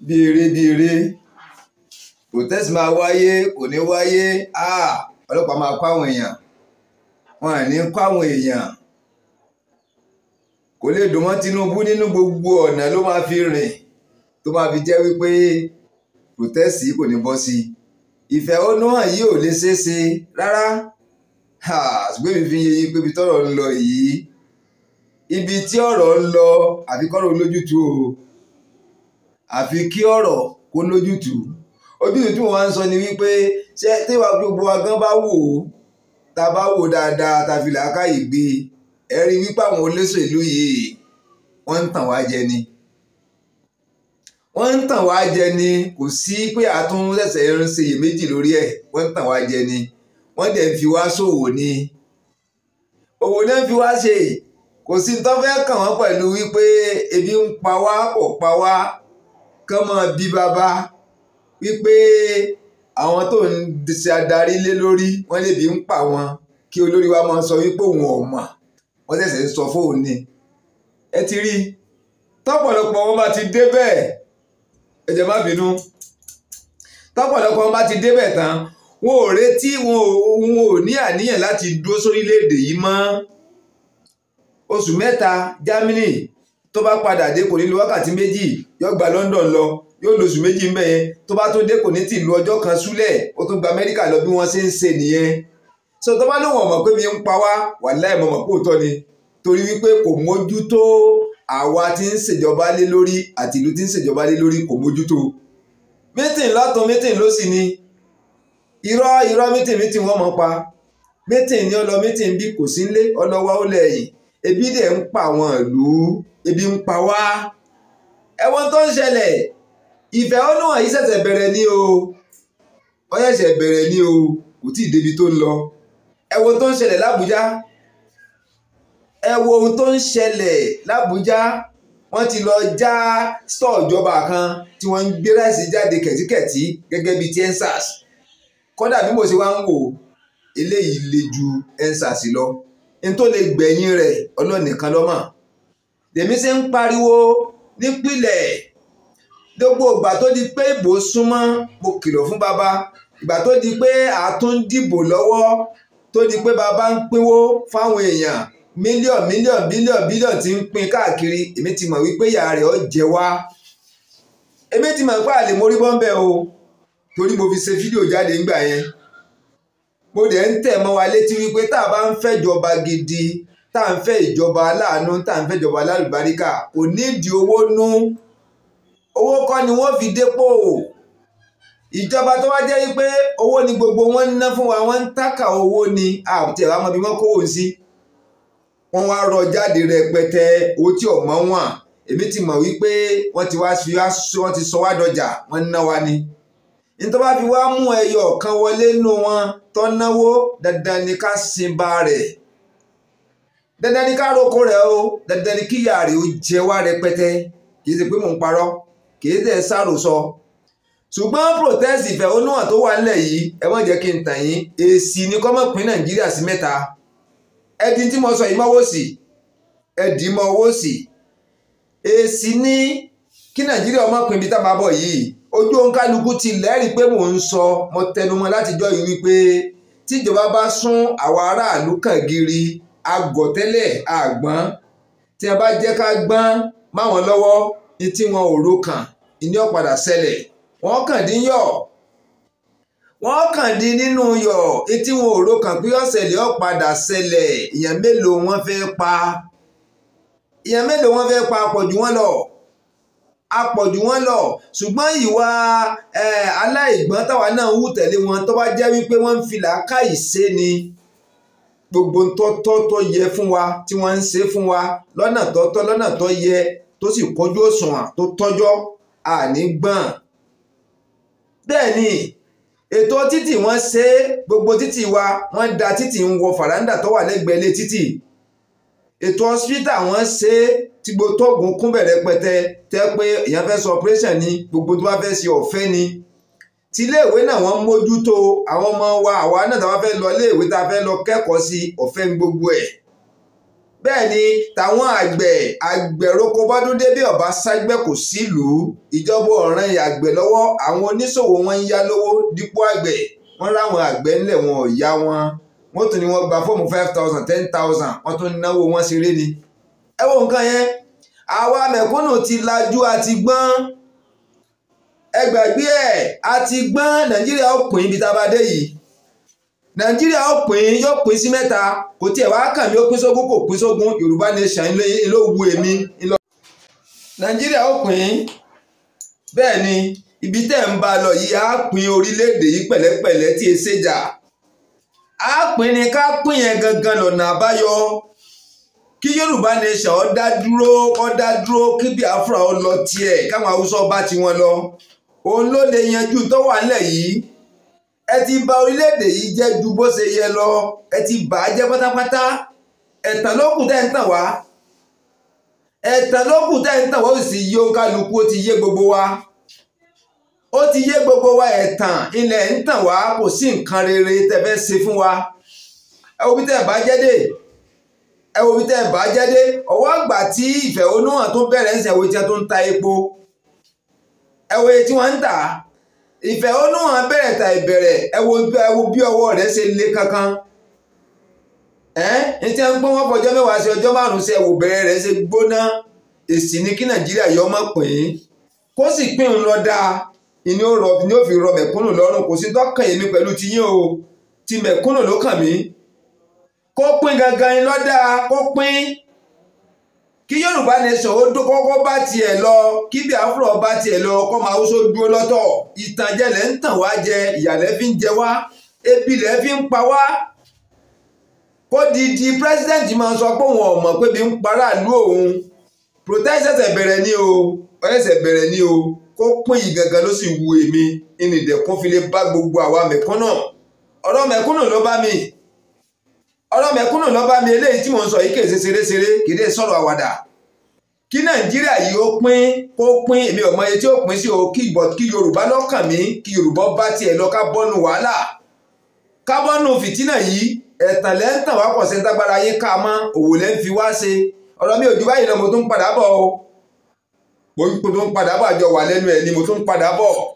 bí eré bí eré protest máa wáyé kò ní wáyé ah, ọlọ́pàá máa kó àwọn èèyàn wọn à ní kó àwọn èèyàn kò lè dùn mọ́ Tinubu nínú gbogbo ọ̀nà ló máa fi rìn tó máa fi jẹ́ wípé protest yìí kò ní bọ́ sí i ìfẹ̀hónúhàn yìí ò lè ṣeé ṣe rárá ṣùgbọ́n èmi fi ń yeye pé ibi tọ́rọ̀ ń lọ yìí ibi tí ọ̀rọ̀ ń lọ àfikọ́rọ̀ olójútu o àfi kí ọ̀rọ̀ kó lójútùú ojútùú tí mo ń sọ ni wípé ṣé tíwa gbogbo wa bá wò ó tá a bá wò dáadáa tá a fi làákàyè gbé ẹ rí wípé àwọn olóṣèlú yìí wọ́n ń tàn wá jẹ ni wọ́n ń tàn wá jẹ ni kò sí pé àtún ṣẹ̀ṣẹ̀ ń ṣe iyèméjì lórí ẹ̀ wọ́n ń tàn wá jẹ ni wọ́n dẹ̀ ń fi wá ṣòwò ni òwò náà fi wá ṣe kò sí ní tó fẹ́ kàn wọ́n pẹ̀lú wípé ebi ń pa wá kò pa wá kán máa bí bàbá wípé àwọn tó ń ṣe adarí lé lórí wọ́n lè bí ń pa wọn kí olórí wa máa sọ wípé òun ò mọ̀ wọ́n ṣẹ̀ṣẹ̀ ń sọ fóun ni ẹ ti rí tọ́pọ̀lọpọ̀ wọn bá ti dé bẹ́ẹ̀ ẹ jẹ́ má bínú tọ́pọ̀lọpọ̀ wọn bá ti dé bẹ́ẹ̀ tán wọn ò retí wọn ò ní àníyàn láti dúró sórílẹ̀-èdè yìí mọ́ oṣù mẹ́ta Germany tó bá padà dé kò ní lo wákàtí méjì yóò gba London lọ yóò lóṣù méjì ń bẹ yẹn tó bá tó dé kò ní tì lu ọjọ́ kan súlẹ̀ ó tún gba Amẹ́ríkà lọ bí wọ́n ṣe ń ṣe nìyẹn so tó bá lóun ọmọ pé mi ń pa wá wàláì mọ̀mọ́ kó tọ́ ni torí wípé kò mójútó àwa tí ń ṣèjọba lé lórí àti ìlú tí ń ṣèjọba lé lórí kò mójútó mítìn lọ́tún mítìn ló sì ni irọ́ irọ́ mítìn mítìn wọ́n mọ̀ pa mítìn ni ọlọ mítìn bí kò sí ń lé ọlọ́wọ́ ó lẹ̀ yìí ebi dẹ̀ ń pa àwọn ìlú ebi ń pa wá ẹ̀wọ̀n tó ń ṣẹlẹ̀ ìfẹ̀hónú hàn yìí ṣẹ̀ṣẹ̀ bẹ̀rẹ̀ ni o wọ́n ṣẹ̀ṣẹ̀ bẹ̀rẹ̀ ni o kò tí ì débi tó ń lọ ẹ̀wọ̀n tó ń ṣẹlẹ̀ lábújá ẹ̀wọ̀n ohun tó ń ṣẹlẹ̀ lábújá wọ́n ti lọ já stọọ ìjọba kan tí wọ́n ń gbé ráìsì jáde kẹtíkẹtí gẹ́gẹ́ bíi ti ensars kódà bí mo ṣe wá ń wò eléyìí le ju ensars lọ n tó lè gbẹ̀yìn rẹ̀ ọlọ́nìkan lọ́mọ̀ tèmi ṣe ń pariwo nípìnlẹ̀ gbogbo ìgbà tó di pé ìbò súnmọ́ mo kìlọ̀ fún bàbá ìgbà tó di pé àtún dìbò lọ́wọ́ tó di pé bàbá ń pínwó fáwọn èèyàn mílíọ̀n mílíọ̀n bílíọ̀n bílíọ̀n ti ń pín káàkiri èmi ti mọ̀ wípé ìyá rẹ̀ ọ́ jẹ wá èmi ti mọ̀ pé àlè mórí bọ́ńbẹ́ o torí mo fi ṣe fídíò jáde ńgbà yẹn mo dẹ̀ ń tẹ̀ mọ́ wa létí wípé tá a bá ń fẹ́jọba gidi tá à ń fẹ́ ìjọba aláàánú tá à ń fẹ́ ìjọba alálùbáríkà kò nídìí owó nú owó kọ́ ni wọ́n fi dépò ìjọba tó wá jẹ́ wípé owó ni gbogbo wọn ń ná fún wa wọ́n ń tákà owó ni àti ẹ̀rọ amọ̀bí wọn kó òun sí wọ́n wá rọ jáde rẹpẹtẹ owó tí ọ̀mọ́ wọn èmi ti mọ̀ wípé wọ́n ti wá sí wọ́n ti sọ wá dọjà wọ́n ń ná wa ni nítorí wọ́n fi wá mú ẹyọ kan wọlé nù wọn tó náwó dandan ni ká sin ba rẹ̀ dandan ni ká roko rẹ̀ o dandan ni kíyà rẹ̀ ó jẹ wá rẹpẹtẹ kì í ṣe pé mò ń parọ́ kì í tẹ̀ sàròsọ ṣùgbọ́n protest ìfẹ̀hónúhàn tó wà nílẹ̀ yìí ẹ má jẹ́ kí n tàn yín èsì ni kọ́mọ̀ pín nàìjíríà sí mẹ́ta ẹdí tí mo sọ yìí mọ́wọ́ sí ẹdí mọ́wọ́ sí èsì ni kí nàìjíríà ọmọ pín ibi tá bọ̀ yìí ojú òǹkálukú ti lẹ́rìí pé mò ń sọ mo tẹnumọ́ látijọ́ yìí wípé tíjọba bá sún àwọn aráàlú kàn gírí agọ̀tẹ́lẹ̀ àgbọ́n tí a bá jẹ́ ká gbọ́n máwọn lọ́wọ́ ní tí wọn ò ro kàn ní ọ̀padà ṣẹlẹ̀ wọ́n kàn dín yọ̀ wọ́n kàn dín nínú yọ̀ tí wọn ò ro kàn pé ọ̀sẹ̀lẹ̀ ọ̀padà ṣẹlẹ̀ èèyàn mélòó wọ́n fẹ́ pa èèyàn mélòó wọ́n fẹ́ pa pọ̀ jù wọ́n lọ apọ̀jù wọn lọ ṣùgbọ́n ìwà aláìgbọ́n táwa náà wù tẹ̀lé wọn tó bá jẹ́ wípé wọ́n ń fi làákàyè ṣe ni gbogbo tọ́tọ́ tó yẹ fún wa tí wọ́n ń ṣe fún wa lọ́nà tọ́tọ́ lọ́nà tó yẹ tó sì kọjú òṣùwọ̀n tó tọ́jọ́ àní bẹ́ẹ̀ ni ètò títì wọ́n ṣe gbogbo títì wa wọ́n da títì ń wọ fàràǹdà tó wà lẹ́gbẹ̀ẹ́ lé títì ètò hospital wọ́n ṣe tí gbogbo tóògùn kún bẹ̀rẹ̀ pẹ̀tẹ tẹ́ pé èèyàn fẹ́ ni gbogbo tó bá fẹ́ ṣe ọ̀fẹ́ ni tí iléèwé náà wọ́n mójútó àwọn ọmọ wa àwa náà tá a fẹ́ lọ iléèwé tá a fẹ́ lọ kẹ́kọ̀ọ́ sí ọ̀fẹ́ ń gbogbo ẹ̀ bẹ́ẹ̀ ni tàwọn àgbẹ̀ àgbẹ̀roko bọ́dún débí ọ̀bá ságbẹ́ kò sílùú ìjọba ọ̀ràn àgbẹ̀ lọ́wọ́ àwọn oníṣòwò wọn ń yá lówó dípò àgbẹ̀ wọ́n ráwọn àgbẹ̀ ńlẹ̀ wọn ò yá wọn wọ́n tún ni wọ́n gba fọ́ọ̀mù five thousand ten thousand wọ́n tún náwó wọn ṣeré ni. ẹ wo nǹkan yẹn àwa mẹ̀kúnnù ti lajú àti gbọ́n ẹ gbàgbé ẹ̀ a ti gbọ́n nàìjíríà ó pín ibi tá a bá dé yìí nàìjíríà ó pín yóò pín sí mẹ́ta kò tiẹ̀ wá kàn mí ó pín sógún kò pín sógún yorùbá nation ló wu èmi ńlọ. nàìjíríà ó pín bẹ́ẹ̀ ni ibi tẹ́ ń bá lọ yìí á pín orílẹ̀-èdè yìí pẹ̀lẹ́pẹ̀lẹ́ tí e ṣèjà á pín ni ká pín yẹn gangan lọ́nà àbáyọ kí yorùbá nation ó dá dúró ó dá dúró kí biafra ó lọ tiẹ̀ káwọn haúsá bá tiwọn lọ. òun ló lè yanjú tó wà nílẹ̀ yìí ẹ ti ba orílẹ̀-èdè yìí jẹ́ ju lọ ẹ ti bà á jẹ́ pátápátá ẹ̀tàn lókùn tẹ́ ń tàn wá ẹ̀tàn lókùn tẹ́ ń tàn wá ti yé gbogbo wa ó ti yé gbogbo wa ẹ̀tàn ilẹ̀ ń tàn wá kò sí nǹkan rere fún wa ẹ wo bí tẹ́ ẹ̀ bá jẹ́ dé ẹ wo bí tẹ́ bá jẹ́ dé ọwọ́ epo ẹ wo tí wọ́n ń tà á ìfẹ̀hónúhàn bẹ̀rẹ̀ ta ìbẹ̀rẹ̀ ẹ wo bí ọwọ́ rẹ̀ ṣe le kankan ẹ tí a ń gbọ́n wọ́n fọjọ́ mẹ́wàá sí ọjọ́ márùn-ún sí ẹ̀wò bẹ̀rẹ̀ rẹ̀ ṣe gbóná èsì ni kí nàìjíríà yọ ọmọ pín in kó sì pín in lọ dáa ni ó fi rọ mẹ̀kúnnù lọ́rùn kò sí dọ́kàn èmi pẹ̀lú tiyín o ti mẹ̀kúnnù ló kàn mí kó pín gangan lọ dáa kó pín kí yorùbá nation ó dó kọ́kọ́ bá tiẹ̀ lọ kí biafra bá tiẹ̀ lọ kọ́ máa wúso dúró lọ́tọ̀ ìtànjẹ lẹ́ ń tàn wá jẹ ìyàlẹ́ fi ń jẹ wá ebi lẹ́ fi ń pa wá kó di di president máa sọ pé òun ọ̀mọ̀ pé bí ń paráàlú òun protest ẹsẹ̀ bẹ̀rẹ̀ ni o ẹsẹ̀ bẹ̀rẹ̀ ni o kó pín yìí gangan ló sì wu èmi ìnìdẹ̀kùn fi lè bá gbogbo àwa mẹ̀kúnnà ọ̀rọ̀ mẹ̀kúnnà ló bá mi ọ̀rọ̀ mẹ̀kúnnù ló bá mi eléyìí tí mò ń sọ yìí kéde ṣeréṣeré kéde sọ̀rọ̀ àwàdà kí nàìjíríà yìí ó pín kó pín èmi ọmọ iye tí ó pín sí o kí ìbọ̀ kí yorùbá lọ́kàn mi kí yorùbá bá tiẹ̀ lọ ká bọ́nu wàhálà ká bọ́nu fìtínà yìí ẹ̀tàn lẹ́ńtàn wá pọ̀ sí dágbára yín ká mọ́ òwò lẹ́ ń fi wá ṣe ọ̀rọ̀ mi ò ju báyìí lọ mo tún padà bọ̀ o mo tún padà bọ̀ àjọ wà lẹ́nu ẹ̀ ni mo tún padà bọ̀.